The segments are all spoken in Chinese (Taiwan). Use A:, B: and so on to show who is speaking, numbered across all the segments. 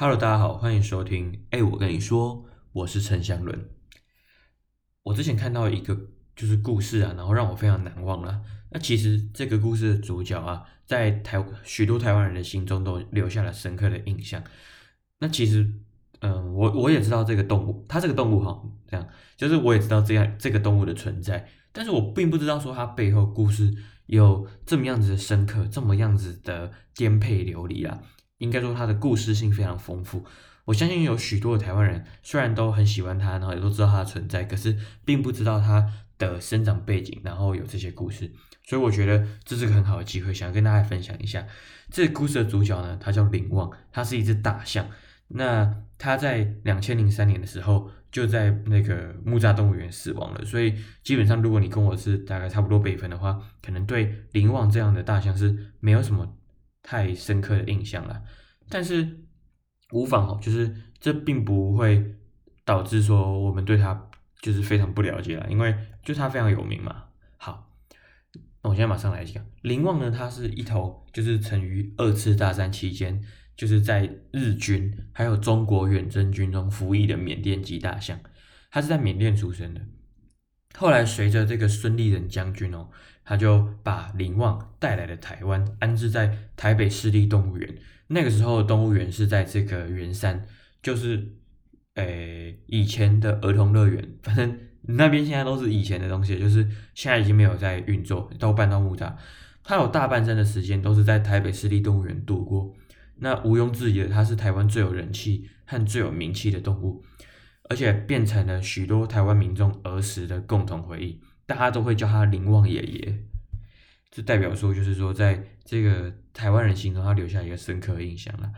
A: Hello，大家好，歡迎收聽。誒、欸、我跟你說，我是陳祥倫。我之前看到一個就是故事啊，然後讓我非常難忘了。那其實這個故事的主角啊，在台許多台灣人的心中都留下了深刻的印象。那其實，嗯、呃，我我也知道這個動物，它這個動物哈，這樣就是我也知道這樣這個動物的存在，但是我並不知道說它背後故事有這麼樣子的深刻，這麼樣子的顛沛流離啊。應該說，它的故事性非常豐富。我相信有許多的台灣人，雖然都很喜歡它，然後也都知道它的存在，可是並不知道它的生長背景，然後有這些故事。所以我覺得這是個很好的機會，想要跟大家分享一下這個故事的主角呢，他叫林旺，他是一隻大象。那他在2003年的時候，就在那個木柵動物園死亡了。所以基本上，如果你跟我是大概差不多輩分的話，可能對林旺這樣的大象是沒有什麼太深刻的印象了，但是無妨哈，就是這並不會導致說我們對他就是非常不了解了，因為就他非常有名嘛。好，那我現在馬上來講，林旺呢，他是一頭就是曾於二次大戰期間，就是在日軍還有中國遠征軍中服役的緬甸籍大象，它是在緬甸出生的。後來，隨着這個孫立人將軍哦，他就把林旺帶來了台灣，安置在台北市立動物園。那個時候，動物園是在這個圓山，就是誒、欸、以前的兒童樂園。反正那邊現在都是以前的東西，就是現在已經沒有在運作，都搬到木柵。他有大半生的時間都是在台北市立動物園度過。那毋庸置疑的，他是台灣最有人氣和最有名氣的動物。而且變成了許多台灣民眾兒時的共同回憶，大家都會叫他林旺爺爺，這代表說就是說，在這個台灣人心中，他留下一個深刻的印象了。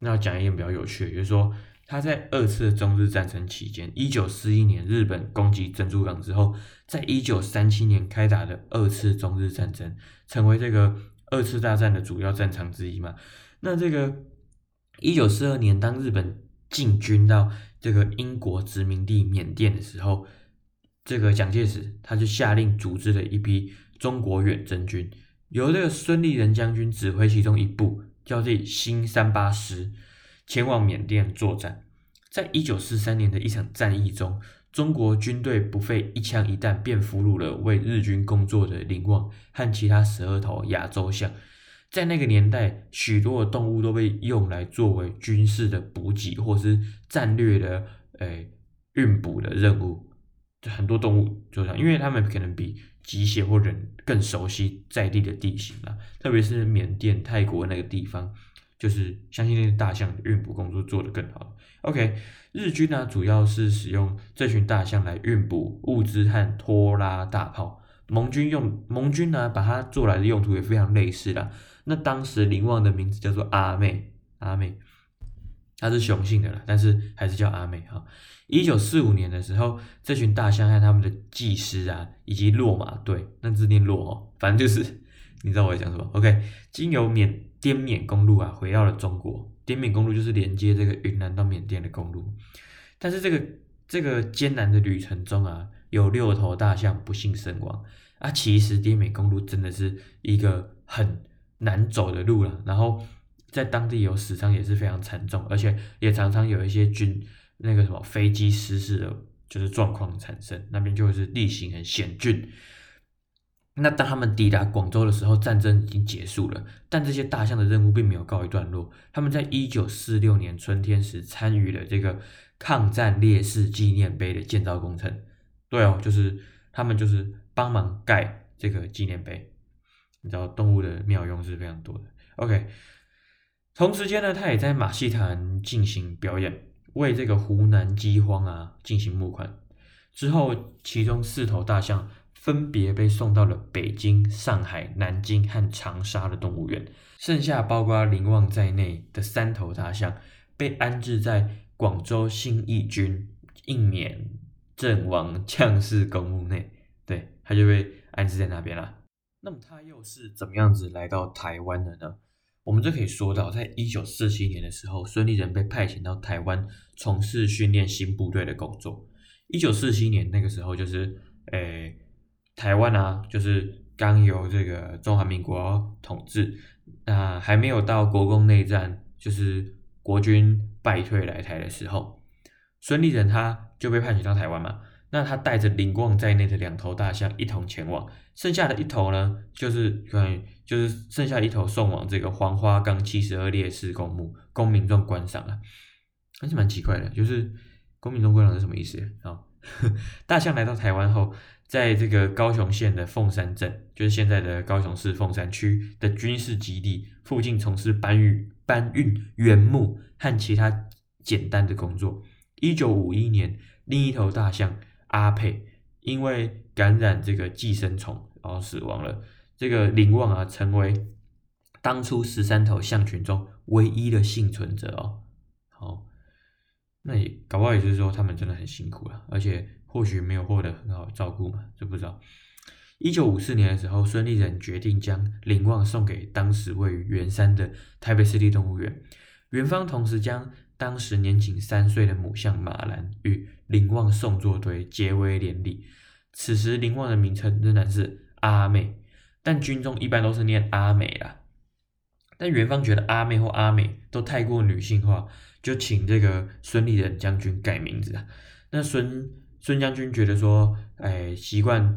A: 那講一點比較有趣，就是說他在二次中日戰爭期間，一九四一年日本攻擊珍珠港之後，在一九三七年開打的二次中日戰爭，成為這個二次大戰的主要戰場之一嘛。那這個一九四二年，當日本，進軍到這個英國殖民地緬甸的時候，這個蔣介石他就下令組織了一批中國遠征軍，由這個孫立人將軍指揮其中一部，叫做新三八師，前往緬甸作戰。在一九四三年的一場戰役中，中國軍隊不費一槍一彈，便俘虜了為日軍工作的林旺和其他十二頭亞洲象。在那個年代，許多的動物都被用來作為軍事的補給，或是戰略的誒、欸、運補的任務。就很多動物，就像，因為他們可能比機械或者更熟悉在地的地形啦，特別是緬甸、泰國那個地方，就是相信那些大象的運補工作做得更好。OK，日軍呢、啊、主要是使用這群大象來運補物資和拖拉大炮。盟軍用盟軍呢、啊，把它做來的用途也非常類似啦。那當時林旺的名字叫做阿妹，阿妹，它是雄性的了，但是還是叫阿妹哈。一九四五年的時候，這群大象和他們的技師啊，以及駱馬隊，那字念駱、喔，反正就是你知道我在講什麼。OK，經由緬滇緬公路啊，回到了中國。滇緬公路就是連接這個雲南到緬甸的公路，但是這個這個艱難的旅程中啊。有六頭大象不幸身亡啊。其實滇緬公路真的是一個很難走的路了，然後在當地有死傷也是非常慘重，而且也常常有一些軍那個什麼飛機失事的，就是狀況產生。那邊就是地形很險峻。那當他們抵達廣州的時候，戰爭已經結束了，但這些大象的任務並沒有告一段落。他們在一九四六年春天時參與了這個抗戰烈士紀念碑的建造工程。對哦，就是他們就是幫忙蓋這個紀念碑，你知道動物的妙用是非常多的。OK，同時間呢，他也在馬戲團進行表演，為這個湖南饑荒啊進行募款。之後，其中四頭大象分別被送到了北京、上海、南京和長沙的動物園，剩下包括林旺在內的三頭大象被安置在廣州新一軍營內。一年陣亡將士公墓內，對，他就被安置在那邊了。那麼他又是怎麼樣子來到台灣的呢？我們就可以說到，在一九四七年的時候，孫立人被派遣到台灣從事訓練新部隊的工作。一九四七年那個時候，就是誒、呃，台灣啊，就是剛由這個中華民國統治，啊、呃，還沒有到國共內戰，就是國軍敗退來台的時候。孫立人他就被派遣到台灣嘛，那他帶着林旺在內的兩頭大象一同前往，剩下的一頭呢，就是可能、嗯、就是剩下一頭送往這個黃花崗七十二烈士公墓，供民眾觀賞了、啊，還是蠻奇怪的，就是供民眾觀賞是什麼意思啊？大象來到台灣後，在這個高雄縣的鳳山鎮，就是現在的高雄市鳳山區的軍事基地附近，從事搬運搬運原木和其他簡單的工作。一九五一年，另一頭大象阿佩因為感染這個寄生蟲，然後死亡了。這個林旺啊，成為當初十三頭象群中唯一的倖存者哦。好，那也搞不好也就是說他們真的很辛苦了、啊，而且或許沒有獲得很好的照顧嘛，知不知道？一九五四年的時候，孫立人決定將林旺送給當時位於圓山的台北市立動物園，園方同時將。當時年僅三歲的母象馬蘭與林旺送作堆，結為連理，此時林旺的名稱仍然是阿妹，但軍中一般都是念阿美啦。但園方覺得阿妹或阿美都太過女性化，就請這個孫立人將軍改名字。那孫孫將軍覺得說，哎，習慣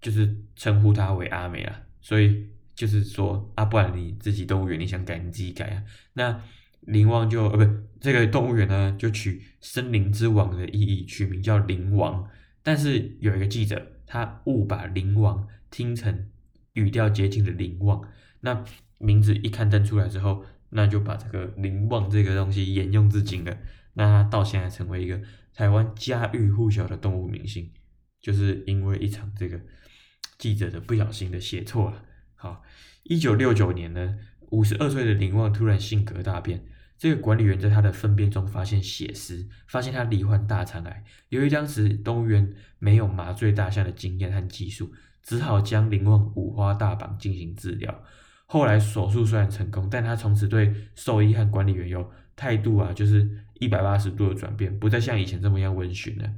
A: 就是稱呼他為阿美啊，所以就是說，阿、啊、不然你自己都原園你想改，你自己改啊。那。林王就呃，不，這個動物園呢，就取森林之王的意義，取名叫林王。但是有一個記者，他誤把林王聽成語調接近的林旺。那名字一刊登出來之後，那就把這個林旺這個東西沿用至今了。那他到現在成為一個台灣家喻戶曉的動物明星，就是因為一場這個記者的不小心的寫錯了。好，一九六九年呢，五十二歲的林旺突然性格大變。這個管理員在他的糞便中發現血絲，發現他罹患大腸癌。由於當時動物園沒有麻醉大象的經驗和技術，只好將林旺五花大綁進行治療。後來手術雖然成功，但他從此對獸醫和管理員有態度啊，就是一百八十度的轉變，不再像以前這麼樣溫馴了。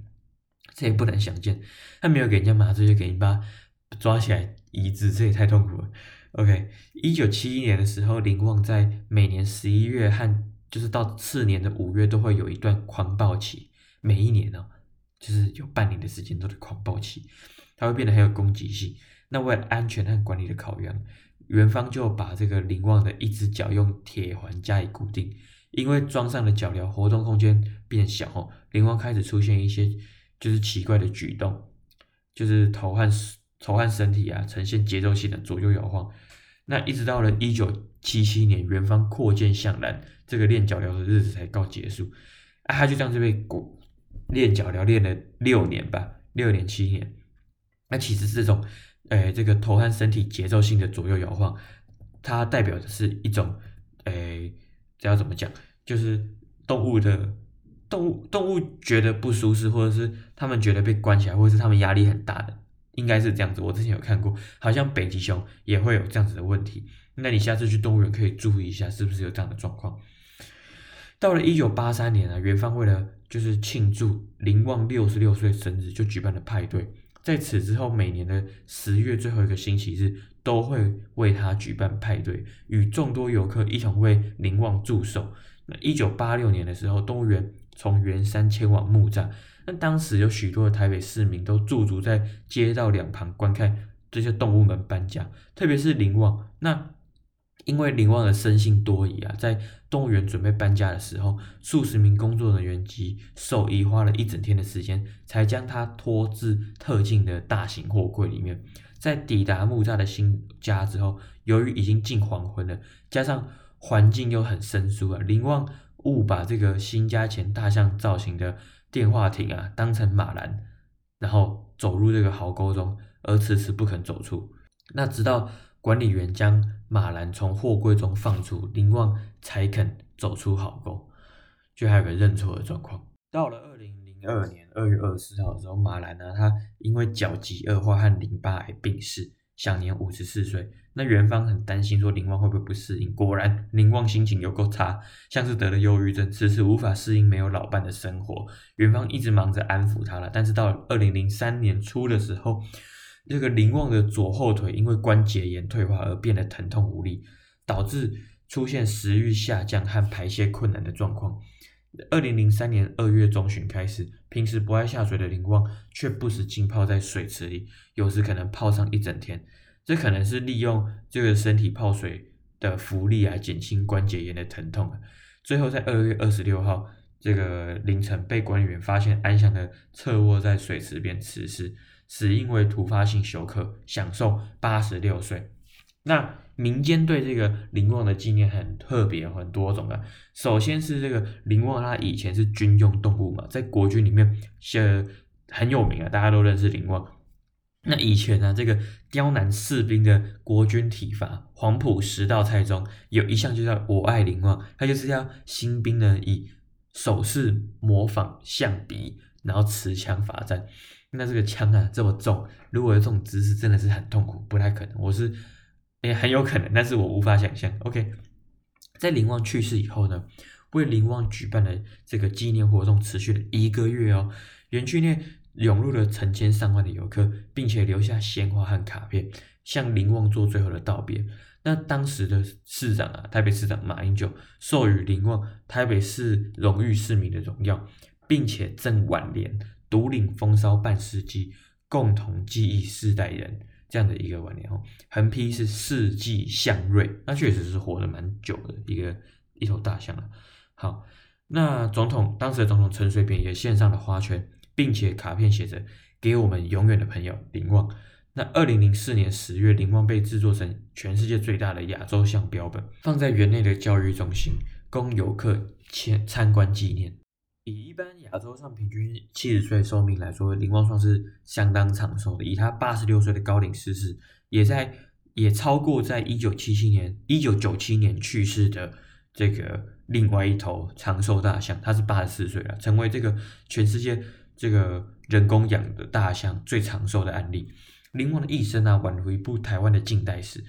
A: 這也不難想見，他沒有給人家麻醉，就給人家抓起來醫治，這也太痛苦了。OK，一九七一年的時候，林旺在每年十一月和就是到次年的五月都會有一段狂暴期，每一年呢、啊，
B: 就是有
A: 半年的時間都是狂暴期，它會變得很有攻擊性。那為了安全和管理的考量，園方就把這個林旺的一隻腳用鐵環加以固定，因為裝上了腳鐐，活動空間變小，林旺開始出現一些就是奇怪的舉動，就是頭和頭和身體啊呈現節奏性的左右搖晃。那一直到了一九七七年，園方擴建向南，這個練腳鐐的日子才告結束。啊，他就這樣子被練腳鐐練了六年吧，六年七年。那其實這種，誒、呃，這個頭和身體節奏性的左右搖晃，它代表的是一種，誒、呃，這要怎麼講？就是動物的動物動物覺得不舒適，或者是他們覺得被關起來，或者是他們壓力很大的。應該是這樣子，我之前有看過，好像北極熊也會有這樣子的問題。那你下次去動物園可以注意一下，是不是有這樣的狀況。到了一九八三年啊，園方為了就是慶祝林旺六十六歲生日，就舉辦了派對。在此之後，每年的十月最後一個星期日都會為他舉辦派對，與眾多遊客一同為林旺祝壽。那一九八六年的時候，動物園從圓山遷往木柵。但當時有許多的台北市民都駐足在街道兩旁觀看這些動物們搬家，特別是林旺。那因為林旺的生性多疑啊，在動物園準備搬家的時候，數十名工作人員及獸醫花了一整天的時間，才將它拖至特定的大型貨櫃裡面。在抵達木柵的新家之後，由於已經近黃昏了，加上環境又很生疏啊，林旺誤把這個新家前大象造型的。電話亭啊，當成馬蘭，然後走入這個壕溝中，而遲遲不肯走出。那直到管理員將馬蘭從貨櫃中放出，林旺才肯走出壕溝。就還有個認錯的狀況。到了二零零二年二月二十四號的時候，馬蘭呢、啊，他因為腳疾惡化和淋巴癌病逝。享年五十四歲。那元芳很擔心，說林旺會不會不適應？果然，林旺心情有夠差，像是得了憂鬱症，遲遲無法適應沒有老伴的生活。元芳一直忙着安撫他了。但是到二零零三年初的時候，那、這個林旺的左後腿因為關節炎退化而變得疼痛無力，導致出現食欲下降和排泄困難的狀況。二零零三年二月中旬開始，平時不愛下水的林旺卻不時浸泡在水池裡，有時可能泡上一整天。這可能是利用這個身體泡水的浮力來減輕關節炎的疼痛。最後在二月二十六號這個凌晨被管理員發現安詳的側臥在水池邊辭世，死因為突發性休克，享壽八十六歲。那。民間對這個林旺的紀念很特別，很多種的、啊。首先是這個林旺，他以前是軍用動物嘛，在國軍裡面是、呃、很有名啊，大家都認識林旺。那以前呢、啊，這個刁難士兵的國軍體罰，黃埔十道菜中有一項就叫“我愛林旺”，他就是要新兵呢以手勢模仿象鼻，然後持槍罰站。那這個槍啊這麼重，如果有這種姿勢，真的是很痛苦，不太可能。我是。也很有可能，但是我無法想象。OK，在林旺去世以後呢，為林旺舉辦的這個紀念活動持續了一個月哦，園區內湧入了成千上萬的遊客，並且留下鮮花和卡片，向林旺做最後的道別。那當時的市長啊，台北市長馬英九授予林旺台北市榮譽市民的榮耀，並且贈輓聯“獨領風騷半世紀，共同記憶四代人”。這樣的一個晚年哦，橫批是“世紀祥瑞”，那確實是活得蠻久的一個一頭大象。好，那總統當時的總統陳水扁也獻上了花圈，並且卡片寫着“給我們永遠的朋友林旺”。那二零零四年十月，林旺被制作成全世界最大的亞洲象標本，放在園內的教育中心，供遊客前參觀紀念。以一般亞洲上平均七十歲的壽命來說，林旺算是相當長壽的。以他八十六歲的高齡逝世，世，也在也超過在一九七七年、一九九七年去世的這個另外一頭長壽大象，他是八十四歲了，成為這個全世界這個人工養的大象最長壽的案例。林旺的一生啊，宛如一部台灣的近代史。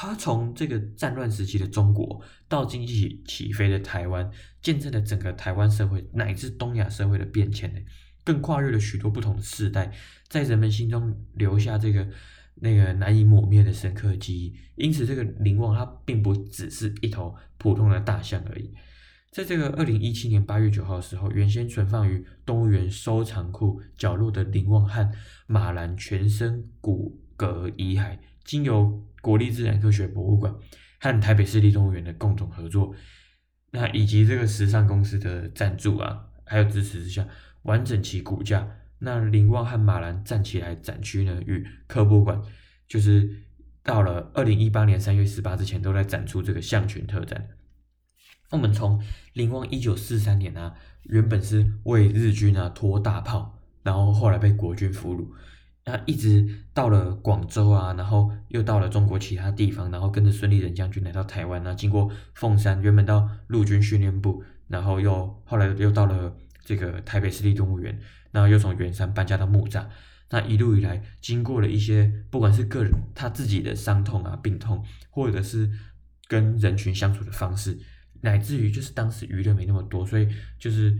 A: 他從這個戰亂時期的中國到經濟起飛的台灣，見證了整個台灣社會乃至東亞社會的變遷，更跨越了許多不同的世代，在人們心中留下這個那個難以抹滅的深刻記憶。因此，這個林旺它並不只是一頭普通的大象而已。在這個二零一七年八月九號的時候，原先存放於動物園收藏庫角落的林旺和馬蘭全身骨骼遺骸，經由國立自然科學博物館和台北市立動物園的共同合作，那以及這個時尚公司的贊助啊，還有支持之下，完整其骨架。那林旺和馬蘭站起來展區呢，與科博館就是到了二零一八年三月十八之前，都在展出這個象群特展。我們從林旺一九四三年呢啊，原本是為日軍啊拖大炮，然後後來被國軍俘虜。他一直到了廣州啊，然後又到了中國其他地方，然後跟着孫立人將軍來到台灣啊。經過鳳山，原本到陸軍訓練部，然後又後來又到了這個台北市立動物園，然後又從圓山搬家到木柵。那一路以來，經過了一些不管是個人他自己的傷痛啊、病痛，或者是跟人群相處的方式，乃至於就是當時娛樂沒那麼多，所以就是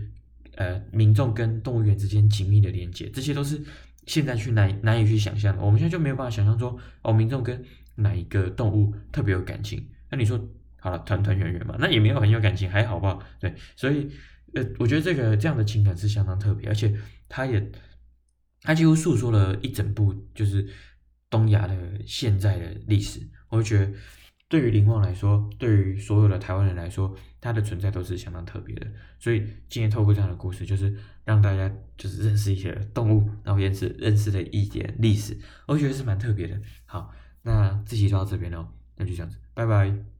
A: 呃民眾跟動物園之間緊密的連接，這些都是。現在去難難以去想象我們現在就沒有辦法想象說，哦，民眾跟哪一個動物特別有感情？那你說好了，團團圓圓嘛，那也沒有很有感情，還好吧？對，所以，呃，我覺得這個這樣的情感是相當特別，而且他也他幾乎訴說了一整部就是東亞的現在的歷史，我覺得。對於林旺來說，對於所有的台灣人來說，它的存在都是相當特別的。所以今天透過這樣的故事，就是讓大家就是認識一些動物，然後也是認識了一點歷史，我覺得是蠻特別的。好，那這期就到這邊嘍，那就這樣子，拜拜。